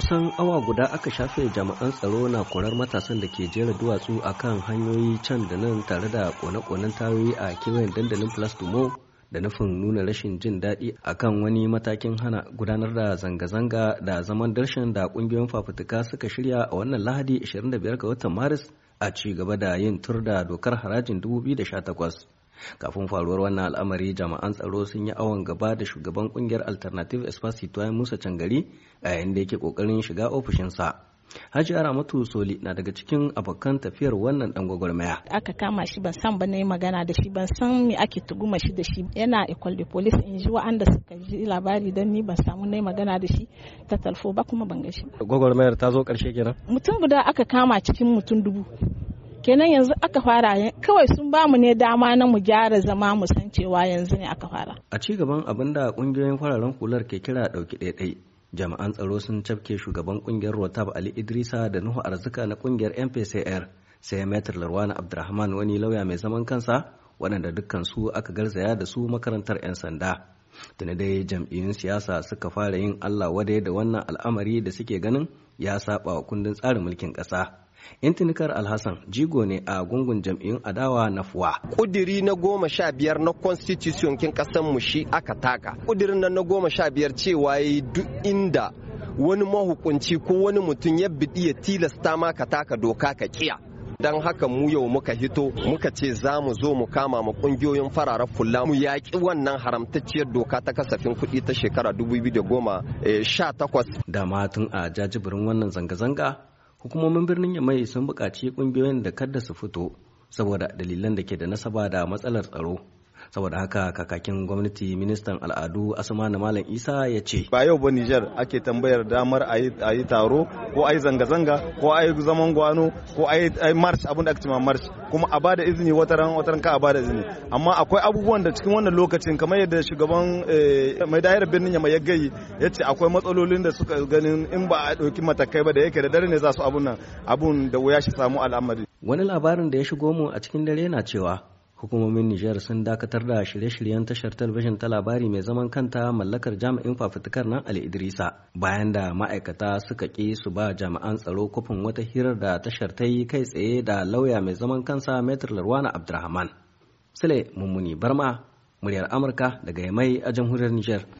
kusan awa guda aka shafe jami'an tsaro na korar matasan da ke jera duwatsu a kan hanyoyi can da nan tare da kone-konen tayoyi a kewayen dandalin plus da nufin nuna rashin jin daɗi a kan wani matakin hana gudanar da zanga-zanga da zaman darshen da ƙungiyoyin fafutuka suka shirya a wannan lahadi 25 ga watan maris a ci gaba da yin tur da dokar harajin 2018 kafin faruwar wannan al'amari jama'an tsaro sun yi awon gaba da shugaban kungiyar alternative espacito ya musa cangari a yayin da yake kokarin shiga ofishinsa Hajiya Ramatu Soli na daga cikin abokan tafiyar wannan dan gwagwarmaya. Aka kama shi ban san ba na yi magana da shi ban san me ake tuguma shi da shi yana Ecole de police in ji wa'anda suka ji labari don ni ban samu na yi magana da shi ta talfo ba kuma ban ga shi. Gwagwarmayar ta zo karshe kenan. Mutum guda aka kama cikin mutum dubu kenan yanzu aka fara kawai sun bamu ne dama na mu gyara zama mu san cewa yanzu ne aka fara a ci gaban abin da kungiyoyin fararen kular ke kira ɗauki ɗaiɗai jami'an tsaro sun cafke shugaban kungiyar rotab ali idrisa da nuhu arzika na kungiyar mpcr sai metr larwana abdurrahman wani lauya mai zaman kansa waɗanda dukkan su aka garzaya da su makarantar 'yan sanda tuni dai jam'iyyun siyasa suka fara yin allah wadai da wannan al'amari da suke ganin ya saba wa kundin tsarin mulkin ƙasa intinikar alhassan jigo ne a gungun jam'iyyun adawa na fuwa kudiri na goma sha biyar na constitution kin kasan mu shi aka taka kudirin nan na goma sha biyar cewa yi duk inda wani mahukunci ko wani mutum ya biɗi ya tilasta ma ka taka doka ka kiya don haka mu yau muka hito muka ce za mu zo mu kama mu kungiyoyin fararen fulla mu yaƙi wannan haramtacciyar doka ta kasafin kuɗi ta shekara 2018 da eh, Da matun a jajibirin wannan zanga-zanga hukumomin birnin yamai sun buƙaci ƙungiyoyin da kada su fito saboda dalilan da ke da nasaba da matsalar tsaro saboda haka kakakin gwamnati ministan al'adu asmana malam isa ya ce ba yau ba nijar ake tambayar damar a yi taro ko a yi zanga-zanga ko a yi zaman gwano ko a yi march abin da ake cewa march kuma a bada izini wataran wataran ka a bada izini amma akwai abubuwan da cikin wannan lokacin kamar yadda shugaban eh, mai dayar birnin ya gayi ya ce akwai matsalolin da suka ganin in ba a ɗauki matakai ba da yake da dare ne za su abun abun da wuya shi samu al'amari wani labarin da ya shigo mu a cikin dare na cewa hukumomin Nijar sun dakatar da shirye-shiryen tashar talabijin ta labari mai zaman kanta mallakar jami'in fafutukar nan Ali Idrisa bayan da ma'aikata suka ƙi su ba jami'an tsaro kofin wata hirar da tashar ta yi kai tsaye da lauya mai zaman kansa Metr Larwana Abdulrahman. Sule Mummuni Barma, muryar Amurka daga Yamai a jamhuriyar Nijar.